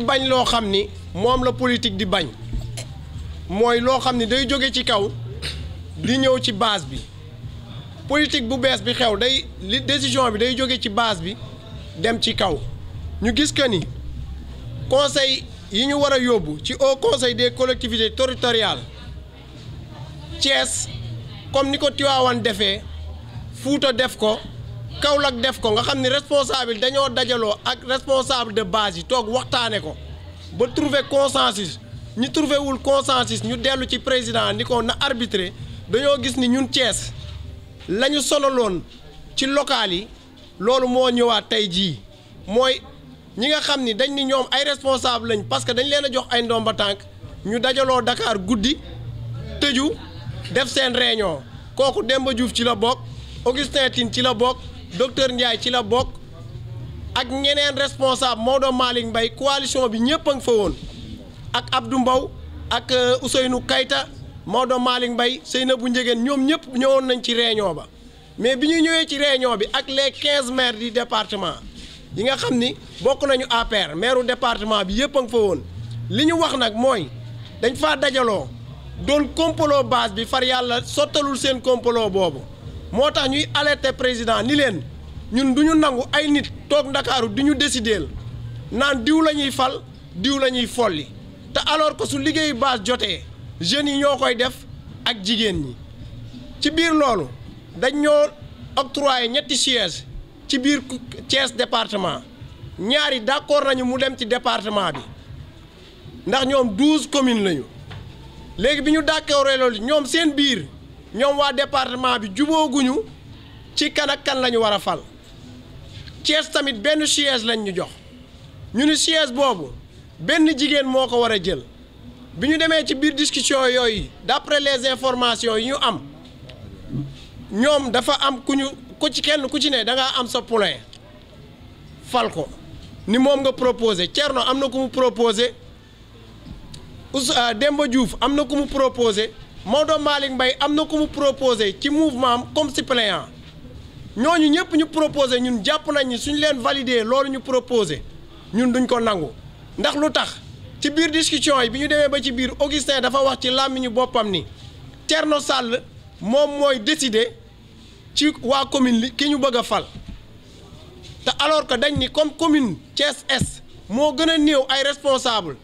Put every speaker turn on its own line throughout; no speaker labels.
di bañ loo xam ni moom la politique di bañ mooy loo xam ni day jóge ci kaw di ñëw ci base bi politique bu bees bi xew day li décision bi day jóge ci base bi dem ci kaw ñu gis que ni conseil yi ñu war a yóbbu ci haut conseil des collectivités territoriales Thiès comme ni ko tiwaawan defee Fuuta def ko Kaolack def ko nga xam ne responsable dañoo dajaloo ak responsable de base yi toog waxtaane ko ba trouver consensus ñu trouver wul consensus ñu dellu ci président ni ko na arbitré dañoo gis ni ñun Thiès la ñu sonaloon ci local yi loolu moo ñëwaat tey jii mooy ñi nga xam ni dañ ni ñoom ay responsable lañ parce que dañ leen a jox ay ndomba tànk ñu dajaloo dakaar guddi tëju def seen réunion kooku Demba Diouf ci la bokk Augustin Tine ci la bokk. docteur Ndiaye ci la bokk ak ñeneen responsable Maodo Malick mbay coalition bi ñëpp a ngi fa woon ak du mbaw ak euh, Ousseynou Kayta Maodo Malick Mbaye bu Ndiégène ñoom ñëpp ñëwoon nañu ci réunion ba mais bi ñuy ñëwee ci réunion bi ak les quinze maires du département yi nga xam ni bokk nañu APR maire du département bi yëpp a ngi fa woon li ñu wax nag mooy dañ faa dajaloo doon complot base bi far yàlla sottalul seen complot boobu moo tax ñuy alerter président ni leen ñun du ñu nangu ay nit toog ndakaaru di ñu décideel naan diw la ñuy fal diw la ñuy folli te alors que su liggéeyu base jotee jeunes yi ñoo koy def ak jigéen ñi ci biir loolu dañ ñoo octroyé ñetti siège ci biir Thiès département ñaari d'accord nañu mu dem ci département bi ndax ñoom douze communes lañu léegi bi ñu d'accordee loolu ñoom seen biir ñoom waa département bi jubooguñu ci kan ak kan la ñu war a fal Thiès tamit benn siège lañ ñu jox ñu ni siège boobu benn jigéen moo ko war a jël bi ñu demee ci biir discussion yooyu d'après les informations yi ñu am ñoom dafa am ku ñu ku ci kenn ku ci ne da ngaa am sa poulain fal ko ni moom nga proposé Thierno am na ku mu proposé Ousse euh, Demba Diouf am na ku mu proposé. Maodo Malick mbay am na ko mu proposé ci mouvement am comme suppléant ñooñu ñëpp ñu proposé ñun jàpp nañ ni suñu leen validé loolu ñu proposé ñun duñ ko nangu ndax lu tax ci biir discussion yi bi ñu demee ba ci biir Augustin dafa wax ci làmmiñu boppam ni Thierno Sall moom mooy décider ci waa commune li ki ñu bëgg a fal te alors que dañ ni comme commune Thiès Est moo gën a néew ay responsable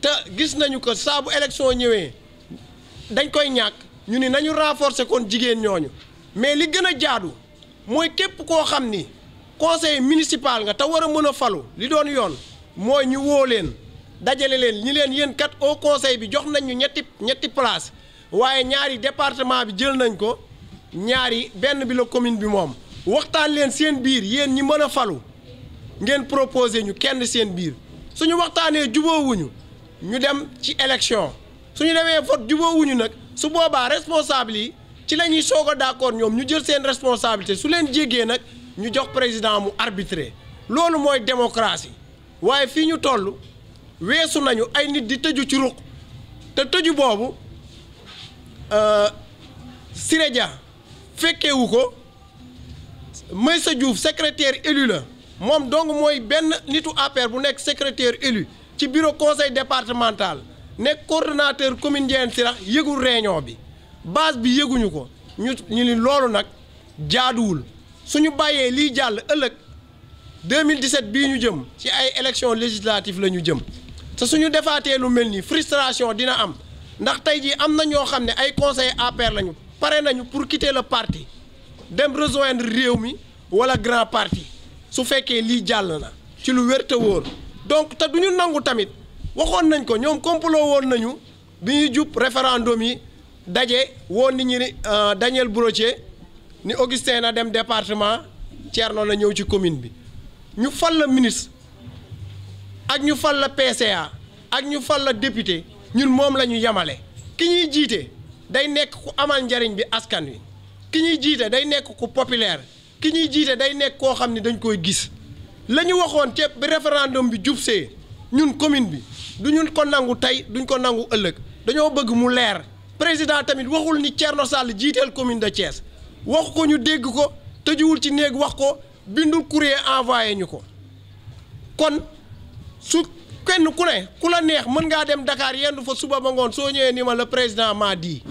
te gis nañu ko saa bu ñëwee. dañ koy ñàkk ñu ni nañu renforcer kon jigéen ñooñu mais li gën a jaadu mooy képp koo xam ni conseil municipal nga te war a mën a falu li doon yoon mooy ñu woo leen dajale leen ñi leen yéen kat au conseil bi jox nañ ñu ñetti ñetti place waaye ñaari département bi jël nañ ko ñaari benn bi la commune bi moom waxtaan leen seen biir yéen ñi mën a falu ngeen proposé ñu kenn seen biir suñu waxtaanee juboowuñu ñu dem ci élection suñu demee vote jubóowuñu nag su boobaa responsable yi ci la ñuy soog a d'accord ñoom ñu jël seen responsabilité su leen jéggee nag ñu jox président mu arbitré loolu mooy démocratie waaye fii ñu toll weesu nañu ay nit di tëju ci ruq te tëju boobu Siré euh, Dia fekkewu ko Maysa Diouf secrétaire élu la moom donc mooy benn nitu APR bu nekk secrétaire élu ci bureau conseil départemental nekk coordonnateur commune Ndiéyène Sirakh yëgul réunion bi baas bi yëguñu ko ñu ñu ni loolu nag jaaduwul suñu bàyyee liy jàll ëllëg 2017 bii ñu jëm ci ay élection législative la ñu jëm te suñu defaatee lu mel ni frustration dina am ndax tey jii am na ñoo xam ne ay conseil APR lañu pare nañu pour quitter le parti dem rejoindre réew mi wala grand parti su fekkee lii jàll na ci lu wér te wóor donc te duñu nangu tamit waxoon nañ ko ñoom complot woon nañu bi ñuy jub référendum yi daje woon nit ñi ni euh, Daniel Brochet ni Augustin na dem département Thierno la ñëw ci commune bi ñu fal la ministre ak ñu fal la PCA ak ñu fal la député ñun moom la ñu yemale ki ñuy jiite day nekk ku amal njariñ bi askan wi ki ñuy jiite day nekk ku populaire ki ñuy jiite day nekk koo xam ne dañ koy gis la ñu waxoon ceeb bi référendum bi jub see ñun commune bi du ñu ko nangu tey duñ ko nangu ëllëg dañoo bëgg mu leer président tamit waxul ni Thierno Sall jiiteel commune de Thiès wax ko ñu dégg ko tëjuwul ci néeg wax ko bindul courrier envoyé ñu ko kon su kenn ku ne ku la neex mën ngaa dem Dakar yenn fa suba ba ngoon soo ñëwee ni ma la président maa di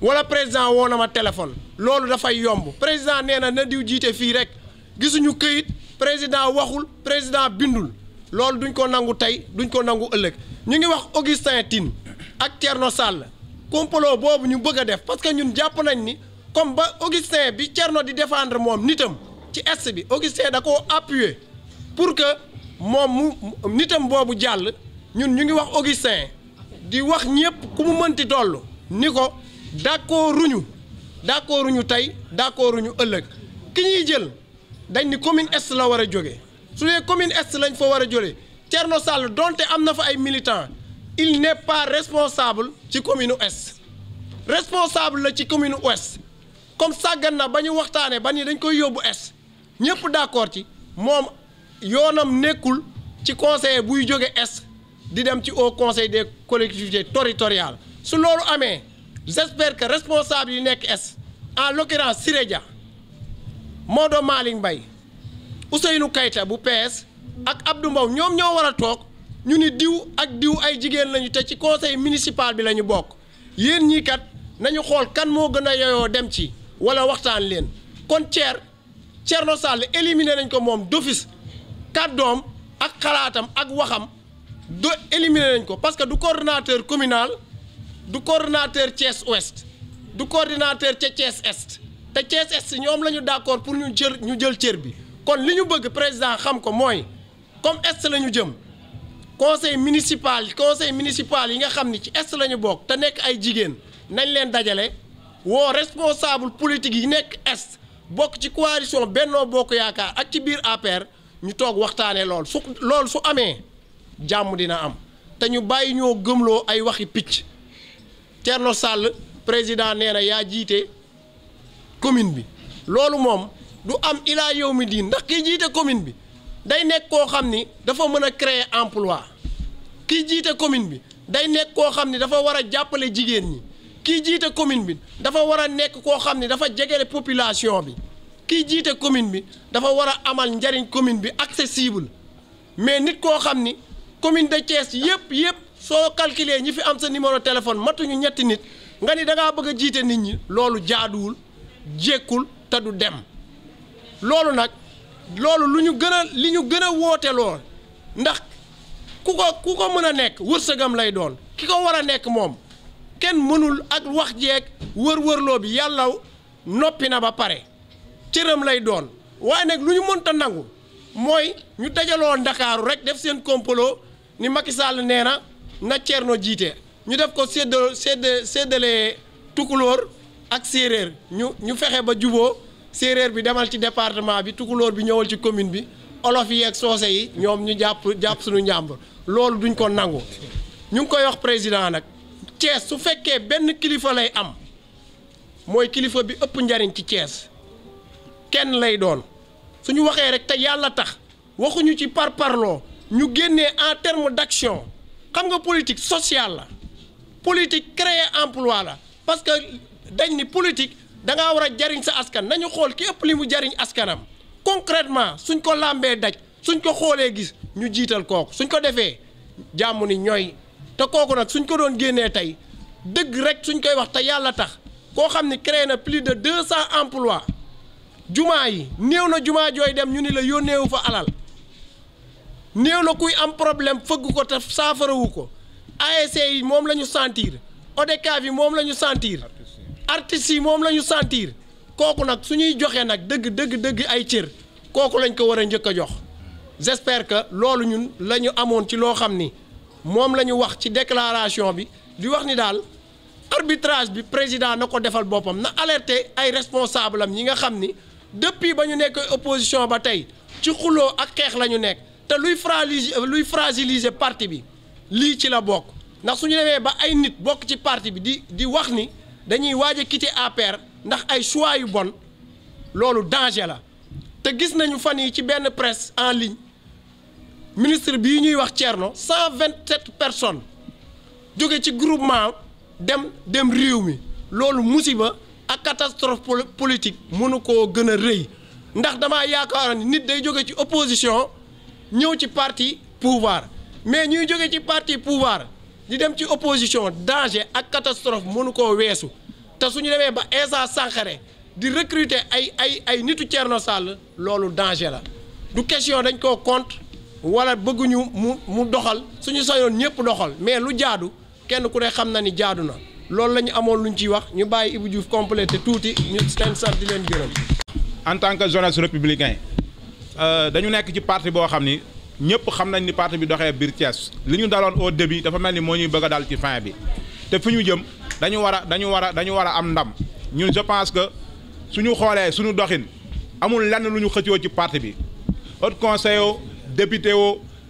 wala président woo na ma téléphone loolu dafay yomb président nee na na diw jiite fii rek gisuñu këyit président waxul président bindul loolu duñ ko nangu tey duñ ko nangu ëllëg ñu ngi wax Augustin Tine ak Thierno Sall complot boobu ñu bëgg a def parce que ñun jàpp nañ ni comme ba Augustin bi Thierno di défendre moom nitam ci est bi Augustin da ko appuyer pour que moom mu nitam boobu jàll ñun ñu ngi wax Augustin di wax ñëpp ku mu mënti toll ni ko d'accord ruñu d'accord ruñu tey d'accord ruñu ëllëg ki ñuy jël dañ ni commune est la war a jóge su dee commune est lañ fa war a jëlee Thierno Sall donte am na fa ay militants il n'est pas responsable ci commune est responsable la ci commune ouest comme sàggan na ba ñu waxtaanee ba ni dañ koy yóbbu est ñëpp d'accord ci moom yoonam nekkul ci conseil buy jóge est di dem ci o conseil des collectivités toritorial su loolu amee j'espère que responsable yi nekk est en l'occurrence Siré Dia Maodo Malick Mbaye Ousseynou Kayta bu pees ak Abdou Mbow ñoom ñoo war a toog ñu ni diw ak diw ay jigéen lañu te ci conseil municipal bi lañu bokk yéen ñii kat nañu xool kan moo gën a yoyoo dem ci wala waxtaan leen kon Thier Thierno Sall éliminé nañ ko moom d'office kàddoom ak xalaatam ak waxam do éliminé nañ ko parce que du coordinateur communal du coordinateur Thiès du coordinateur ca Thiès Est te Thiès Est ñoom la ñu d'accord pour ñu jël ñu jël cër bi kon li ñu bëgg président xam ko mooy comme est la ñu jëm conseil municipal conseil municipal yi nga xam ni ci est la ñu bokk te nekk ay jigéen nañ leen dajale woo responsable politique yi nekk est bokk ci coalition Bennoo Bokk Yaakaar ak ci biir APR ñu toog waxtaanee lool su lool su amee jàmm dina am te ñu bàyyi ñoo gëmloo ay waxi picc Thierno sàll président nee na yaa jiite commune bi loolu moom. du am ilaa yow mi diin ndax kii jiite commune bi day nekk koo xam ni dafa mën a créer emploi kii jiite commune bi day nekk koo xam ni dafa war a jàppale jigéen ñi kii jiite commune bi dafa war a nekk koo xam ni dafa jegele population bi kii jiite commune bi dafa war a amal njariñ commune bi accessible mais nit koo xam ni commune de Thiès yëpp yëpp soo calculer ñi fi am sa numéro téléphone matuñu ñetti nit nga ni da ngaa bëgg a jiite nit ñi loolu jaaduwul jékkul te du dem loolu nag loolu lu ñu gën a li ñu gën a woote ndax ku ko ku ko mën a nekk wërsëgam lay doon ki ko war a nekk moom kenn mënul ak wax jeeg wër-wërloo bi yàlla noppi na ba pare cëram lay doon waaye nag lu ñu mënta nangu mooy ñu dajaloo ndakaaru rek def seen complot ni Macky Sall nee na na Thierno jiite ñu def ko séddale séddalee tukulóor ak séeréer ñu ñu fexe ba juboo séeréer bi demal ci département bi tukulóor bi ñëwal ci commune bi olof yi soose yi ñoom ñu jàpp jàpp suñu njàmbur loolu duñ ko nangu ñu ngi koy wax président nag Thiès su fekkee benn kilifa lay am mooy kilifa bi ëpp njariñ ci Thiès kenn lay doon suñu waxee rek te yàlla tax waxuñu ci par parloo ñu génnee en terme d'action xam nga politique sociale la politique créer emploi la parce que dañ ni politique da ngaa war a jariñ sa askan nañu xool ki ëpp li mu jariñ askanam concrètement suñ ko làmbee daj suñ ko xoolee gis ñu jiital kooku suñ ko defee jàmm ni ñooy te kooku nag suñ ko doon génnee tey dëgg rek suñ koy wax te yàlla tax koo xam ni créé na plus de deux cent emplois jumaa yi néew na jumaa jooy dem ñu ni la yónneewu fa alal néew na kuy am problème fëgg ko te saafarawu ko ASC e yi moom la ñu sentir ODCAV yi moom la ñu sentir artistes yi moom la ñu sentir kooku nag su ñuy joxee nag dëgg dëgg dëgg ay cër kooku lañ ko war a njëkk a jox j'espère que loolu ñun la ñu amoon ci loo xam ni moom la ñu wax ci déclaration bi di wax ni daal arbitrage bi président na ko defal boppam na alerte ay responsable am ñi nga xam ni depuis ba ñu nekk opposition ba tey ci xuloo ak xeex la ñu nekk te luy fragiliser luy fragiliser parti bi lii ci la bokk ndax su ñu demee ba ay nit bokk ci parti bi di di wax ni dañuy waaj a quitter APR ndax ay choix yu bon loolu danger la te gis nañu fan yi ci benn presse en ligne ministre bii ñuy wax Thierno cent vingt-sept personnes jóge ci groupement dem dem réew mi loolu musiba ak catastrophe politique mënu ko gën a rëy ndax damaa yaakaar ni nit day jóge ci opposition ñëw ci parti pouvar mais ñuy jóge ci parti pouvar di dem ci opposition danger ak catastrophe mënu koo weesu te suñu demee ba Insa Sankhare di recruter ay ay ay nitu Thierno Sall loolu danger la du question dañ ko compte wala bëgguñu mu mu doxal suñu sañoon ñëpp doxal mais lu jaadu kenn ku ne xam na ni jaadu na loolu lañu amoon lu ñu ciy wax ñu bàyyi Ibou Diouf complété tuuti ñu seen sant di leen gërëm.
en tant que jeunesse républicain euh, dañu nekk ci parti boo xam ni. ñëpp xam nañ ni parti bi doxee biir Thiès li ñu daloon au début dafa mel ni moo ñuy bëgg a dal ci fin bi te fi ñu jëm dañu war a dañu war a dañu war a am ndam ñun je pense que ñu xoolee suñu doxin amul lenn lu ñu xëccoo ci parti bi haut conseil o député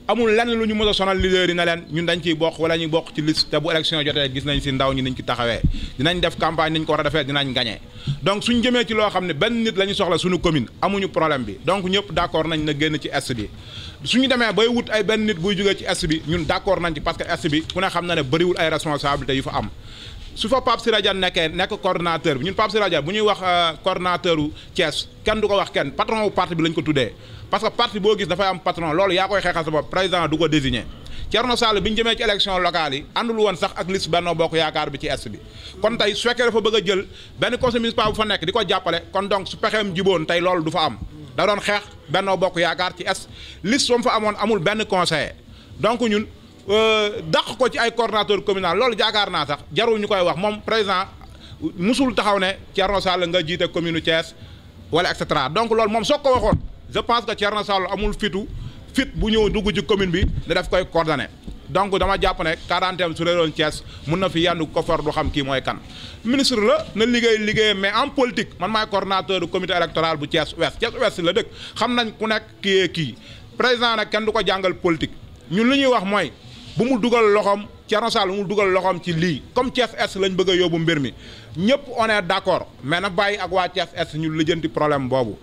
amul lenn lu ñu mën a sonal leader yi na leen ñun dañ ci boq wala ñu bokk ci liste te bu élection jotee gis nañ si ndaw ñi niñ ci taxawee dinañ def campagne niñ ko war a defee dinañ gagné donc suñ jëmee ci loo xam ne benn nit la ñu soxla suñu commune amuñu problème bi donc ñëpp d' accord nañ na génn ci est bi suñu demee bay wut ay benn nit buy jógee ci est bi ñun d' accord nañ ci parce que est bi ku ne xam na ne bëriwul ay responsabilité yu fa am su fa Pape nekkee nekk coordonnateur bi ñun Pape Siré Dia bu ñuy wax euh, coordonnateur u Thiès kenn ko wax kenn patron wu parti bi lañ parce que parti boo gis dafay am patron loolu yaa koy xeexal sa bopp président du ko désigner Thierno Sall bi ñu jëmee ci élection locale yi àndul woon sax ak liste Benno Bokk Yaakaar bi ci est bi kon tey su fekkee dafa bëgg a jël benn conseil municipal bu fa nekk di ko jàppale kon donc su pexeem jiboon tey loolu du fa am da doon xeex Benno Bokk Yaakaar ci est liste ba fa amoon amul benn conseiller donc ñun euh, dàq ko ci ay coordonnateur communal loolu jaakaar naa sax jarul koy wax moom président musul taxaw ne Thierno nga jiite commune Thiès wala et cetera donc loolu moom soo ko waxoon je pense que Thierno Sall amul fitu fit bu ñëw dugg ci commune bi ne daf koy coordonné donc dama jàpp ne quarantaine su réeroon Thiès mun na fi yendu kofor du xam kii mooy kan ministre la na liggéey liggéey mais en politique man maay coordonnateur du comité électoral bu Thiès Ouest Thiès Ouest la dëkk xam nañ ku nekk kii kii président nag kenn du ko jàngal politique ñun li ñuy wax mooy bu mu dugal loxoom Thierno Sall bu mu dugal loxoom ci lii comme Thiès Est lañ bëgg a yóbbu mbir mi ñëpp on est mais na bàyyi ak waa Thiès Est ñu lijjanti problème boobu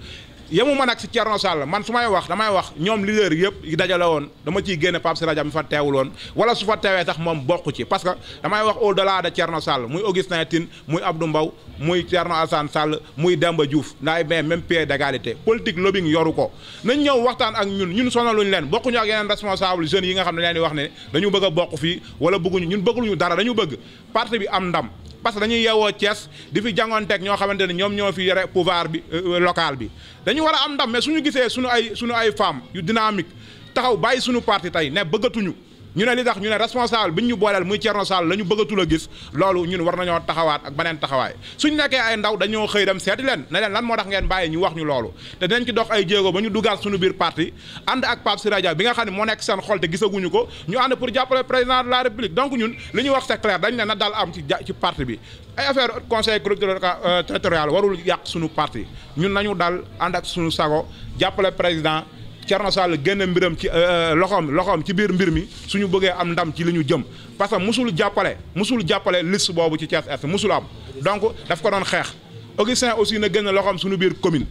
yemu man ak si Thierno man su may wax damay wax ñoom leader yëpp yi dajale woon dama ciy génne Pape Siré Dia mi fa teewul loon wala su fa teewee sax moom bokk ci parce que damay wax au delà de Thierno Sall muy Augustin Tine muy Abdou Mbow muy Thierno Alassane Sall muy Demba Diouf ndaay mais même pied d'égalité politique lobbying yoru ko nañ ñëw waxtaan ak ñun ñun sonaluñu leen bokkuñu ak yeneen responsable jeunes yi nga xam ne leen di wax ne dañu bëgg a bokk fii wala bëgguñu ñun bëggluñu dara dañu bëgg parti bi am ndam parce que dañuy yeewoo cees di fi jàngoonteeg ñoo xamante ne ñoom ñoo fi yore pouvoir bi euh, euh, local bi dañu war a am ndam mais suñu gisee suñu ay suñu ay femmes yu dynamique taxaw bàyyi suñu parti tey ne bëggatuñu ñu ne li tax ñu ne responsable bi ñu booleel muy Thierno Sall la ñu bëggatul a gis loolu ñun war nañoo taxawaat ak beneen taxawaay suñ nekkee ay ndaw dañoo xëy dem seeti leen ne leen lan moo tax ngeen bàyyi ñu wax ñu loolu te dinañ ci dox ay jéego ba ñu dugaat suñu biir parti ànd ak Pape Siradia bi nga xam ne moo nekk seen xool te gisaguñu ko ñu ànd pour jàppale président de la république donc ñun li ñuy wax c'est clair dañ ne na daal am ci ci parti bi ay affaire conseil territorial yàq suñu parti ñun nañu daal ànd ak suñu sago jàppale président Thierno Sall génne mbiram ci euh, euh, loxoom loxoom ci biir mbir mi su suñu bëggee am ndam ci li ñu jëm parce que musul jàppale musul jàppale liste boobu ci Thiès Est musul am donc daf ko doon xeex Augustin aussi na génne loxoom suñu biir commune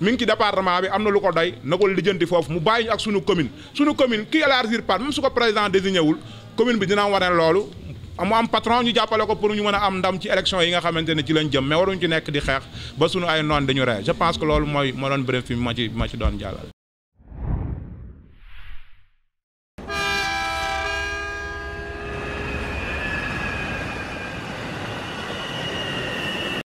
mi ngi ci lu ko doy na ko lijjanti foofu mu bàyyi ñu ak sunu commune suñu commune ki élargir par même su ko président désigné wul bi dina wane loolu mu am patron ñu jàppale ko pour ñu mën a am ndam ci élection yi nga xamante ne ci lañ jëm mais waruñu ci nekk di xeex ba suñu ay noon dañu rey loolu mooy moo doon ma ci doon jàllale